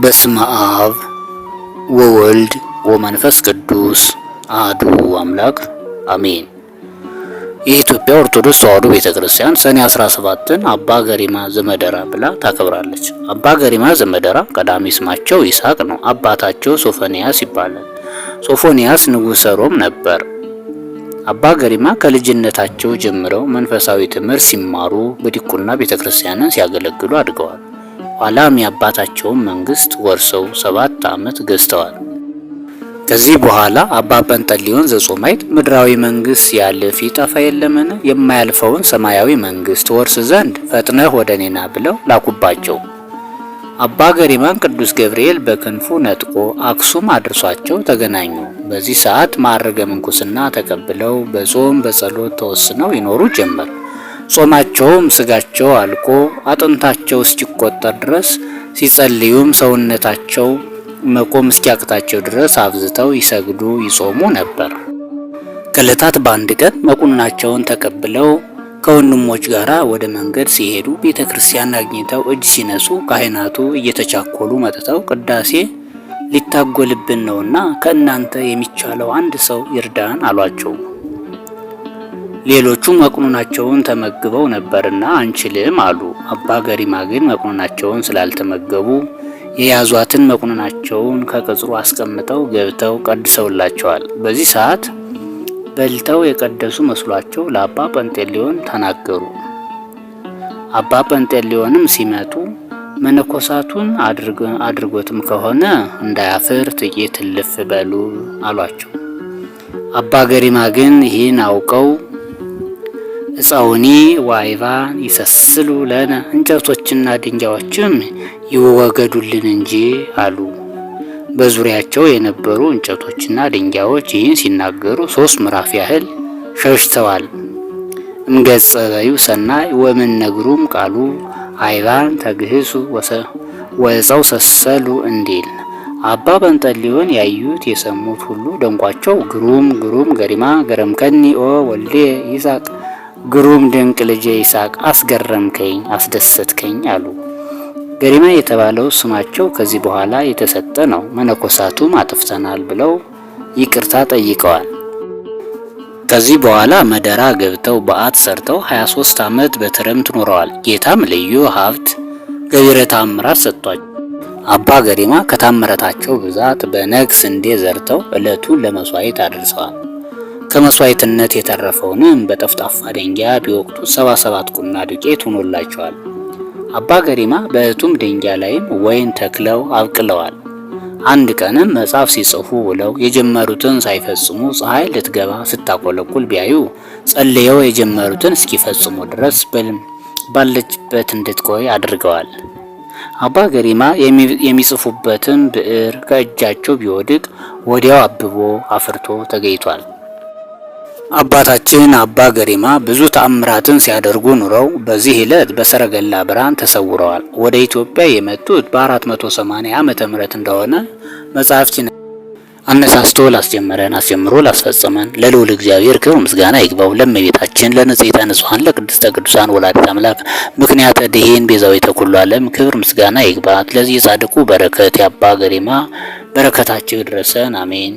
በስመ አብ ወወልድ ወመንፈስ ቅዱስ አሐዱ አምላክ አሜን። የኢትዮጵያ ኦርቶዶክስ ተዋሕዶ ቤተክርስቲያን ሰኔ 17ን አባ ገሪማ ዘመደራ ብላ ታከብራለች። አባ ገሪማ ዘመደራ ቀዳሚ ስማቸው ይስሐቅ ነው። አባታቸው ሶፎንያስ ይባላል። ሶፎንያስ ንጉሠ ሮም ነበር። አባ ገሪማ ከልጅነታቸው ጀምረው መንፈሳዊ ትምህርት ሲማሩ በዲቁና ቤተክርስቲያንን ሲያገለግሉ አድገዋል። ኋላም የአባታቸውን መንግስት ወርሰው ሰባት ዓመት ገዝተዋል። ከዚህ በኋላ አባ ጰንጠሌዎን ዘጾማይት ምድራዊ መንግስት ያልፍ ይጠፋ የለምን? የማያልፈውን ሰማያዊ መንግስት ወርስ ዘንድ ፈጥነህ ወደ እኔና ብለው ላኩባቸው። አባ ገሪማን ቅዱስ ገብርኤል በክንፉ ነጥቆ አክሱም አድርሷቸው ተገናኙ። በዚህ ሰዓት ማዕረገ ምንኩስና ተቀብለው በጾም በጸሎት ተወስነው ይኖሩ ጀመር። ጾማቸውም ስጋቸው አልቆ አጥንታቸው እስኪቆጠር ድረስ ሲጸልዩም ሰውነታቸው መቆም እስኪያቅታቸው ድረስ አብዝተው ይሰግዱ ይጾሙ ነበር። ከዕለታት በአንድ ቀን መቁናቸውን ተቀብለው ከወንድሞች ጋር ወደ መንገድ ሲሄዱ ቤተ ክርስቲያን አግኝተው እጅ ሲነሱ ካህናቱ እየተቻኮሉ መጥተው ቅዳሴ ሊታጎልብን ነውና ከእናንተ የሚቻለው አንድ ሰው ይርዳን አሏቸው። ሌሎቹ መቅኑናቸውን ተመግበው ነበርና አንችልም አሉ። አባ ገሪማ ግን መቅኑናቸውን ስላልተመገቡ የያዟትን መቁኖናቸውን ከቅጽሩ አስቀምጠው ገብተው ቀድሰውላቸዋል። በዚህ ሰዓት በልተው የቀደሱ መስሏቸው ለአባ ጴንጤሌዎን ተናገሩ። አባ ጴንጤሌዎንም ሲመጡ መነኮሳቱን አድርጎትም ከሆነ እንዳያፍር ጥቂት እልፍ በሉ አሏቸው። አባ ገሪማ ግን ይህን አውቀው እፃውኒ ዋይባ ይሰስሉ ለነ እንጨቶችና ድንጋዮችም ይወገዱልን እንጂ አሉ። በዙሪያቸው የነበሩ እንጨቶችና ድንጋዮች ይህን ሲናገሩ ሶስት ምዕራፍ ያህል ሸሽተዋል። እምገጸ በዩ ሰናይ ወምን ነግሩም ቃሉ አይባን ተግህሱ ወፀው ሰሰሉ እንዲል አባ በንጠሊዮን ያዩት የሰሙት ሁሉ ደንቋቸው ግሩም ግሩም ገሪማ ገረምከኒ ኦ ወልዴ ይሳቅ ግሩም ድንቅ ልጄ ይስሐቅ አስገረምከኝ፣ አስደሰትከኝ አሉ። ገሪማ የተባለው ስማቸው ከዚህ በኋላ የተሰጠ ነው። መነኮሳቱም አጥፍተናል ብለው ይቅርታ ጠይቀዋል። ከዚህ በኋላ መደራ ገብተው በዓት ሰርተው 23 ዓመት በትርምት ኖረዋል። ጌታም ልዩ ሀብት ገቢረ ታምራት ሰጥቷቸው አባ ገሪማ ከታምረታቸው ብዛት በነግስ ስንዴ ዘርተው ዕለቱን ለመሥዋዕት አድርሰዋል። ከመስዋዕትነት የተረፈውንም በጠፍጣፋ ደንጊያ ቢወቅቱ ሰባ ሰባት ቁና ዱቄት ሆኖላቸዋል። አባ ገሪማ በእቱም ደንጊያ ላይም ወይን ተክለው አብቅለዋል። አንድ ቀንም መጽሐፍ ሲጽፉ ውለው የጀመሩትን ሳይፈጽሙ ፀሐይ ልትገባ ስታቆለቁል ቢያዩ ጸልየው የጀመሩትን እስኪፈጽሙ ድረስ ባለችበት እንድትቆይ አድርገዋል። አባ ገሪማ የሚጽፉበትን ብዕር ከእጃቸው ቢወድቅ ወዲያው አብቦ አፍርቶ ተገኝቷል። አባታችን አባ ገሪማ ብዙ ተአምራትን ሲያደርጉ ኑረው በዚህ ዕለት በሰረገላ ብርሃን ተሰውረዋል። ወደ ኢትዮጵያ የመጡት በ480 ዓመተ ምህረት እንደሆነ መጽሐፍችን አነሳስቶ ላስጀመረን አስጀምሮ ላስፈጸመን ለልዑል እግዚአብሔር ክብር ምስጋና ይግባው። ለእመቤታችን ለንጽሕተ ንጹሐን ለቅድስተ ቅዱሳን ወላዲተ አምላክ ምክንያተ ድኂን ቤዛዊተ ኩሉ ዓለም ክብር ምስጋና ይግባት። ለዚህ የጻድቁ በረከት የአባ ገሪማ በረከታቸው ይድረሰን። አሜን።